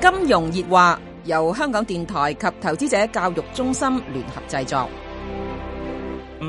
金融熱話由香港電台及投資者教育中心聯合製作。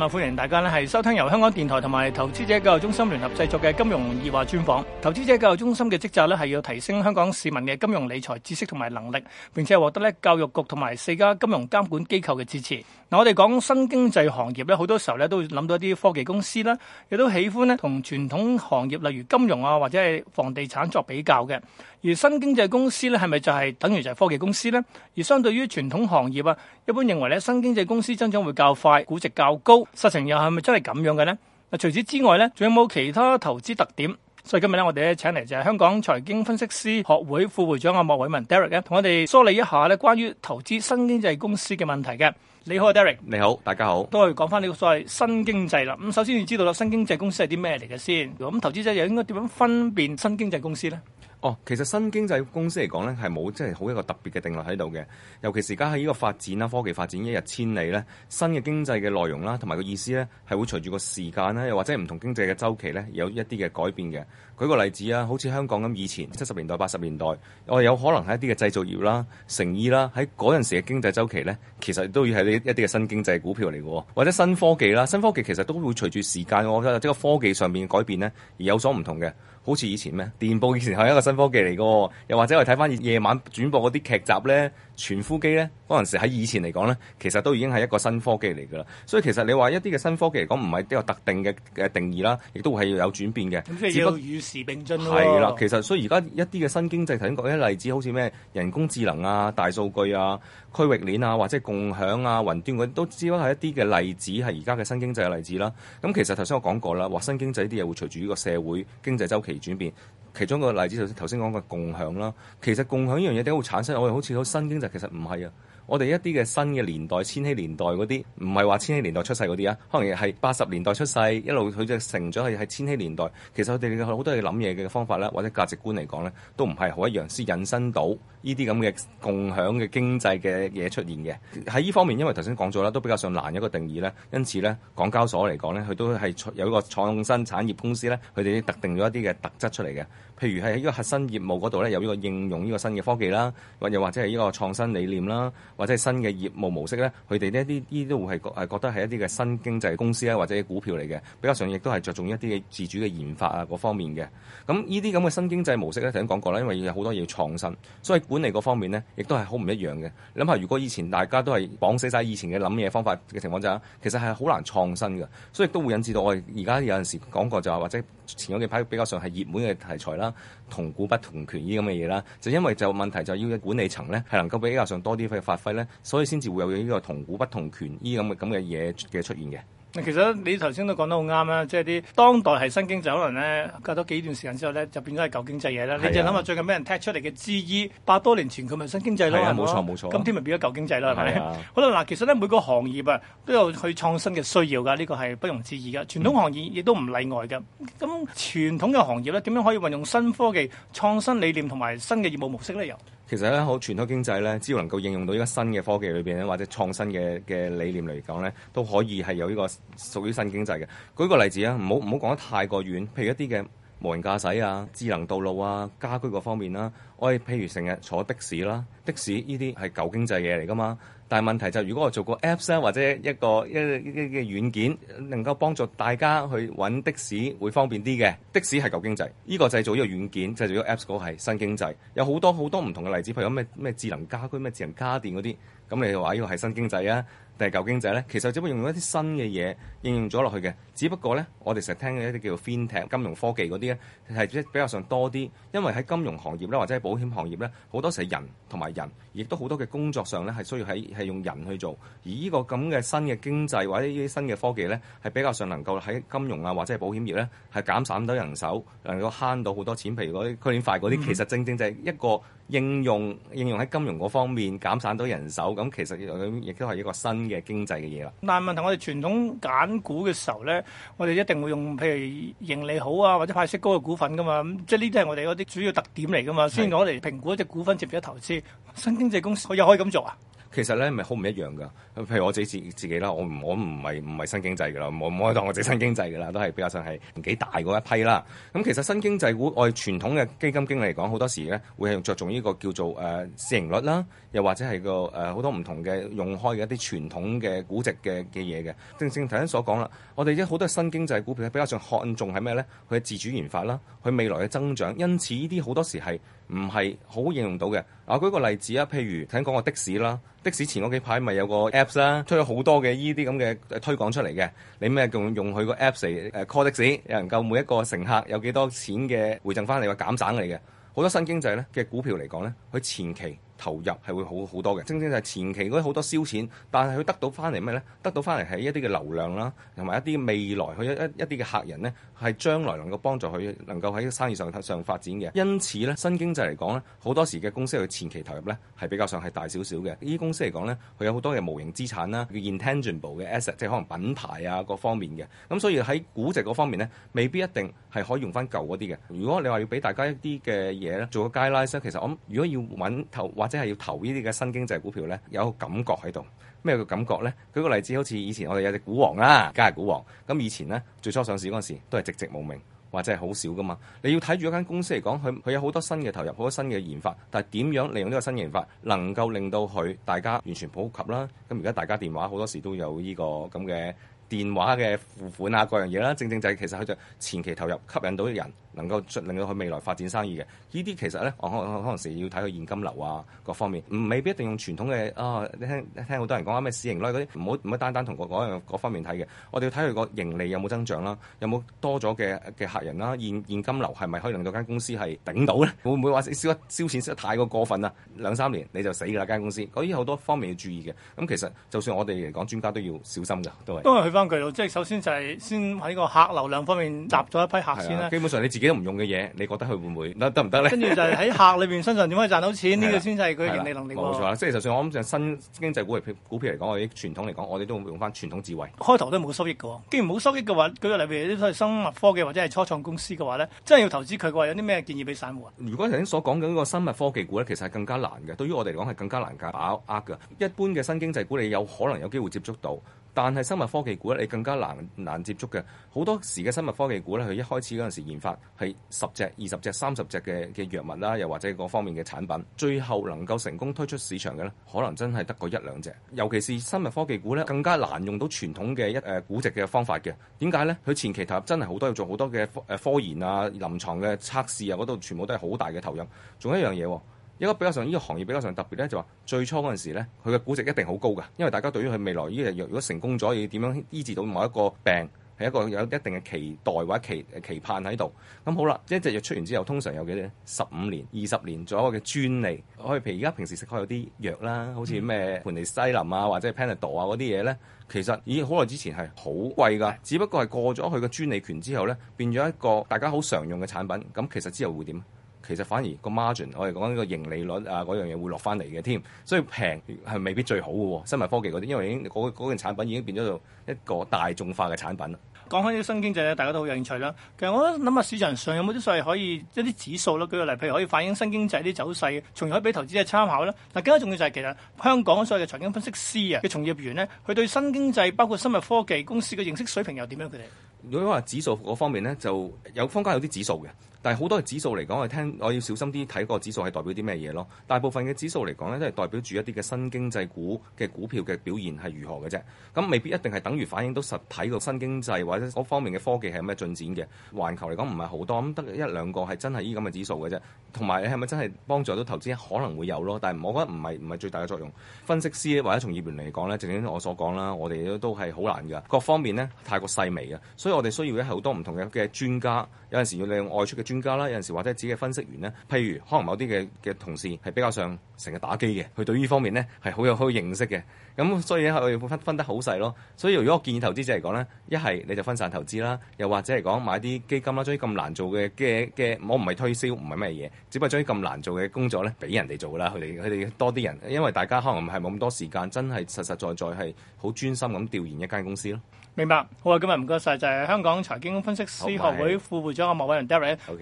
歡迎大家咧，係收聽由香港電台同埋投資者教育中心聯合製作嘅金融熱話專訪。投資者教育中心嘅職責咧，係要提升香港市民嘅金融理財知識同埋能力，並且獲得咧教育局同埋四家金融監管機構嘅支持。嗱，我哋講新經濟行業咧，好多時候咧都會諗到一啲科技公司啦，亦都喜歡咧同傳統行業例如金融啊或者係房地產作比較嘅。而新經濟公司咧係咪就係等於就係科技公司呢？而相對於傳統行業啊，一般認為咧新經濟公司增長會較快，估值較高。實情又係咪真係咁樣嘅呢？嗱，除此之外呢，仲有冇其他投資特點？所以今日呢，我哋咧請嚟就係香港財經分析師學會副會長阿莫偉文 Derek 咧，同我哋梳理一下呢，關於投資新經濟公司嘅問題嘅。你好，Derek。你好，大家好。都係講返呢個所謂新經濟啦。咁首先要知道啦，新經濟公司係啲咩嚟嘅先。咁投資者又應該點樣分辨新經濟公司呢？哦，其實新經濟公司嚟講呢，係冇即係好一個特別嘅定律喺度嘅。尤其是而家喺呢個發展啦、科技發展一日千里呢，新嘅經濟嘅內容啦，同埋個意思呢，係會隨住個時間啦，又或者唔同經濟嘅周期呢，有一啲嘅改變嘅。舉個例子啊，好似香港咁，以前七十年代、八十年代，我有可能係一啲嘅製造業啦、成衣啦，喺嗰陣時嘅經濟周期呢，其實都要係呢一啲嘅新經濟嘅股票嚟嘅，或者新科技啦，新科技其實都會隨住時間，我覺得即係科技上面嘅改變呢，而有所唔同嘅。好似以前咩？電報嘅時候係一個新科技嚟嘅，又或者我哋睇翻夜晚轉播嗰啲劇集咧。傳呼機咧，嗰陣時喺以前嚟講咧，其實都已經係一個新科技嚟噶啦。所以其實你話一啲嘅新科技嚟講，唔係比較特定嘅嘅定義啦，亦都係要有轉變嘅。咁即係要與時並進，係啦，其實所以而家一啲嘅新經濟頭先講啲例子，好似咩人工智能啊、大數據啊、區域鏈啊，或者共享啊、雲端嗰啲，都只不過係一啲嘅例子係而家嘅新經濟嘅例子啦。咁其實頭先我講過啦，話新經濟啲嘢會隨住呢個社會經濟周期轉變。其中個例子就頭先講個共享啦，其實共享呢樣嘢點解會產生？我哋好似好新經濟，其實唔係啊。我哋一啲嘅新嘅年代，千禧年代嗰啲，唔係話千禧年代出世嗰啲啊，可能係八十年代出世，一路佢就成咗係喺千禧年代。其實佢哋好多嘅諗嘢嘅方法啦，或者價值觀嚟講咧，都唔係好一樣，先引申到呢啲咁嘅共享嘅經濟嘅嘢出現嘅。喺呢方面，因為頭先講咗啦，都比較上難一個定義咧，因此咧，港交所嚟講咧，佢都係有一個創新產業公司咧，佢哋啲特定咗一啲嘅特質出嚟嘅。譬如係喺呢個核心業務嗰度咧，有呢個應用呢個新嘅科技啦，或又或者係呢個創新理念啦，或者係新嘅業務模式咧，佢哋呢啲啲都會係覺得係一啲嘅新經濟公司啦，或者股票嚟嘅比較上亦都係着重一啲嘅自主嘅研發啊嗰方面嘅。咁呢啲咁嘅新經濟模式咧，頭先講過啦，因為有要有好多嘢要創新，所以管理嗰方面咧，亦都係好唔一樣嘅。諗下如果以前大家都係綁死晒以前嘅諗嘢方法嘅情況之下，其實係好難創新嘅，所以都會引致到我哋而家有陣時講過就話或者前嗰幾排比較上係熱門嘅題材啦。同股不同權呢咁嘅嘢啦，就因為就問題就要管理層咧，係能夠比較上多啲嘅發揮咧，所以先至會有呢個同股不同權呢咁嘅咁嘅嘢嘅出現嘅。其實你頭先都講得好啱啦，即係啲當代係新經濟，可能咧隔咗幾段時間之後咧就變咗係舊經濟嘢啦、啊。你就諗下最近俾人踢出嚟嘅之一，百多年前佢咪新經濟咯，冇錯、啊啊、今天咪變咗舊經濟啦，係咪、啊？啊、 好啦，嗱，其實咧每個行業啊都有去創新嘅需要㗎，呢、呢個係不容置疑㗎。傳統行業亦都唔例外嘅。咁傳統嘅行業咧點樣可以運用新科技創新理念同埋新嘅業務模式咧？有。其實咧，好，傳統經濟咧，只要能夠應用到一個新嘅科技裏面，咧，或者創新嘅嘅理念嚟講咧，都可以係有呢個屬於新經濟嘅。舉個例子啊，唔好唔好講得太過遠，譬如一啲嘅無人駕駛啊、智能道路啊、家居嗰方面啦、啊，我哋譬如成日坐的士啦，的士呢啲係舊經濟嘢嚟㗎嘛。但係問題就係、是，如果我做個 apps 咧，或者一個一嘅軟件能夠幫助大家去揾的士，會方便啲嘅。的士係舊經濟，呢、這個製造呢個軟件、製造呢個 apps 嗰個係新經濟。有好多好多唔同嘅例子，譬如講咩咩智能家居、咩智能家電嗰啲，咁你話呢個係新經濟啊？係舊經濟咧，其實只不過用一啲新嘅嘢應用咗落去嘅。只不過咧，我哋成日聽嘅一啲叫做 FinTech 金融科技嗰啲咧，係比較上多啲。因為喺金融行業咧，或者係保險行業咧，好多時係人同埋人，亦都好多嘅工作上咧係需要喺係用人去做。而呢個咁嘅新嘅經濟或者呢啲新嘅科技咧，係比較上能夠喺金融啊或者係保險業咧係減散到人手，能夠慳到好多錢。譬如嗰啲區塊鏈嗰啲，其實正正就係一個。應用應用喺金融嗰方面減省到人手，咁其實亦都係一個新嘅經濟嘅嘢啦。但係問題我傳，我哋傳統揀股嘅時候咧，我哋一定會用譬如盈利好啊，或者派息高嘅股份噶嘛。咁即係呢啲係我哋嗰啲主要特點嚟噶嘛，先攞嚟評估一隻股份值唔值投資。新經濟公司可又可以咁做啊？其實咧，咪好唔一樣噶。譬如我自己自自己啦，我唔我唔係唔係新經濟嘅啦，我唔可以當我自己新經濟㗎啦，都係比較上係年紀大嗰一批啦。咁、嗯、其實新經濟股，我哋傳統嘅基金經理嚟講，好多時咧會係用着重呢個叫做誒、呃、市盈率啦，又或者係個誒好、呃、多唔同嘅用開嘅一啲傳統嘅估值嘅嘅嘢嘅。正正頭先所講啦，我哋而家好多新經濟股票比較上看重係咩咧？佢嘅自主研發啦，佢未來嘅增長。因此呢啲好多時係唔係好應用到嘅。我舉個例子啊，譬如頭先講個的士啦。的士前嗰幾排咪有個 Apps 啦，出咗好多嘅呢啲咁嘅推廣出嚟嘅，你咩用用佢個 Apps 嚟 call 的士，又能夠每一個乘客有幾多錢嘅回贈翻嚟，話減省嚟嘅，好多新經濟咧嘅股票嚟講咧，佢前期投入係會好好多嘅，正正就係前期嗰啲好多燒錢，但係佢得到翻嚟咩咧？得到翻嚟係一啲嘅流量啦，同埋一啲未來佢一一一啲嘅客人咧，係將來能夠幫助佢能夠喺生意上上發展嘅。因此咧，新經濟嚟講咧，好多時嘅公司佢前期投入咧係比較上係大少少嘅。呢啲公司嚟講咧，佢有好多嘅無形資產啦，叫 intangible 嘅 asset，即係可能品牌啊各方面嘅。咁所以喺估值嗰方面咧，未必一定係可以用翻舊嗰啲嘅。如果你話要俾大家一啲嘅嘢咧，做個 guideline，其實我諗如果要揾投即係要投呢啲嘅新經濟股票呢，有個感覺喺度。咩叫感覺呢？舉個例子，好似以前我哋有隻股王啦，加係股王。咁以前呢，最初上市嗰陣時，都係籍籍無名，或者係好少㗎嘛。你要睇住一間公司嚟講，佢佢有好多新嘅投入，好多新嘅研發。但係點樣利用呢個新研發，能夠令到佢大家完全普及啦？咁而家大家電話好多時都有呢個咁嘅。電話嘅付款啊，各樣嘢啦、啊，正正就係其實佢就前期投入吸引到啲人，能夠令到佢未來發展生意嘅。呢啲其實咧，可可能時要睇佢現金流啊，各方面唔未必一定用傳統嘅啊、哦。你聽聽好多人講咩市盈率嗰啲，唔好唔好單單同嗰嗰樣各方面睇嘅。我哋要睇佢個盈利有冇增長啦，有冇多咗嘅嘅客人啦、啊，現現金流係咪可以令到間公司係頂到咧？會唔會話燒燒錢燒得太過過分啊？兩三年你就死㗎啦間公司。嗰啲好多方面要注意嘅。咁其實就算我哋嚟講專家都要小心㗎，都即係首先就係先喺個客流量方面搭咗一批客先啦。基本上你自己都唔用嘅嘢，你覺得佢會唔會得唔得咧？跟住就係喺客裏邊身上點可以賺到錢呢 個先係佢盈利能力。冇錯，即係就算我諗住新經濟股嚟，股票嚟講，我哋傳統嚟講，我哋都會用翻傳統智慧。開頭都冇收益嘅，既然冇收益嘅話，舉個例譬如啲生物科技或者係初創公司嘅話咧，真係要投資佢嘅話，有啲咩建議俾散戶？如果頭先所講緊呢個生物科技股咧，其實係更加難嘅，對於我哋嚟講係更加難的把握嘅。一般嘅新經濟股你有可能有機會接觸到。但係生物科技股呢，你更加難難接觸嘅。好多時嘅生物科技股咧，佢一開始嗰陣時研發係十隻、二十隻、三十隻嘅嘅藥物啦，又或者各方面嘅產品，最後能夠成功推出市場嘅咧，可能真係得個一兩隻。尤其是生物科技股咧，更加難用到傳統嘅一誒估值嘅方法嘅。點解咧？佢前期投入真係好多，要做好多嘅誒科研啊、臨床嘅測試啊嗰度，全部都係好大嘅投入。仲有一樣嘢。一個比較上，呢、這個行業比較上特別咧，就話、是、最初嗰陣時咧，佢嘅估值一定好高嘅，因為大家對於佢未來呢隻藥如果成功咗，要點樣醫治到某一個病，係一個有一定嘅期待或者期期盼喺度。咁好啦，一隻藥出完之後，通常有幾多十五年、二十年左右嘅專利。可以譬如而家平時食開有啲藥啦，好似咩盤尼西林啊，或者 Panadol 啊嗰啲嘢咧，其實已經好耐之前係好貴㗎，只不過係過咗佢嘅專利權之後咧，變咗一個大家好常用嘅產品。咁其實之後會點？其實反而個 margin，我哋講緊個盈利率啊嗰樣嘢會落翻嚟嘅添，所以平係未必最好嘅。生物科技嗰啲，因為已經嗰件、嗰個嗰個、產品已經變咗做一個大眾化嘅產品。講開呢新經濟咧，大家都好有興趣啦。其實我諗下市場上有冇啲所謂可以一啲指數咯？舉個例，譬如可以反映新經濟啲走勢，從而可以俾投資者參考啦。嗱，更加重要就係其實香港所謂嘅財經分析師啊嘅從業員咧，佢對新經濟包括生物科技公司嘅認識水平又點樣？佢哋如果話指數嗰方面咧，就有坊間有啲指數嘅。但係好多嘅指數嚟講，我聽我要小心啲睇個指數係代表啲咩嘢咯。大部分嘅指數嚟講咧，都係代表住一啲嘅新經濟股嘅股票嘅表現係如何嘅啫。咁未必一定係等於反映到實體個新經濟或者各方面嘅科技係有咩進展嘅。環球嚟講唔係好多，咁得一兩個係真係依咁嘅指數嘅啫。同埋你係咪真係幫助到投資？可能會有咯，但係我覺得唔係唔係最大嘅作用。分析師或者從業員嚟講咧，正如我所講啦，我哋都都係好難㗎。各方面咧太過細微啊，所以我哋需要好多唔同嘅嘅專家，有陣時要利用外出嘅。專家啦，有陣時或者自己嘅分析員咧，譬如可能某啲嘅嘅同事係比較上成日打機嘅，佢對呢方面咧係好有好認識嘅。咁所以佢分分得好細咯。所以，他所以如果我建議投資者嚟講咧，一係你就分散投資啦，又或者係講買啲基金啦。將啲咁難做嘅嘅嘅，我唔係推銷，唔係咩嘢，只不過將啲咁難做嘅工作咧俾人哋做啦。佢哋佢哋多啲人，因為大家可能係冇咁多時間，真係實實在在係好專心咁調研一間公司咯。明白。好啊，今日唔該晒，就係、是、香港財經分析師學會副會長阿莫偉人。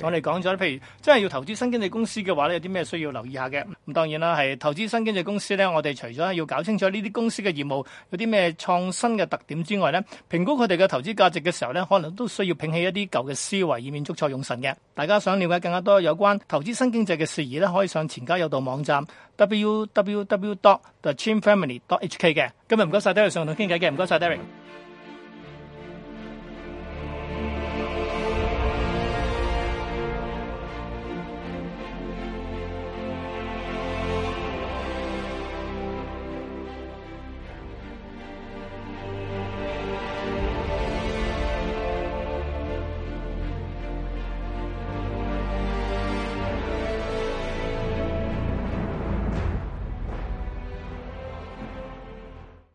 我哋講咗，譬如真係要投資新經濟公司嘅話咧，有啲咩需要留意下嘅？咁當然啦，係投資新經濟公司咧，我哋除咗要搞清楚呢啲公司嘅業務有啲咩創新嘅特點之外咧，評估佢哋嘅投資價值嘅時候咧，可能都需要摒棄一啲舊嘅思維，以免捉錯用神嘅。大家想了解更加多有關投資新經濟嘅事宜咧，可以上錢家有道網站 www.thechinfamily.hk 嘅。今日唔該晒，Derek 上堂傾偈嘅，唔該晒 Derek。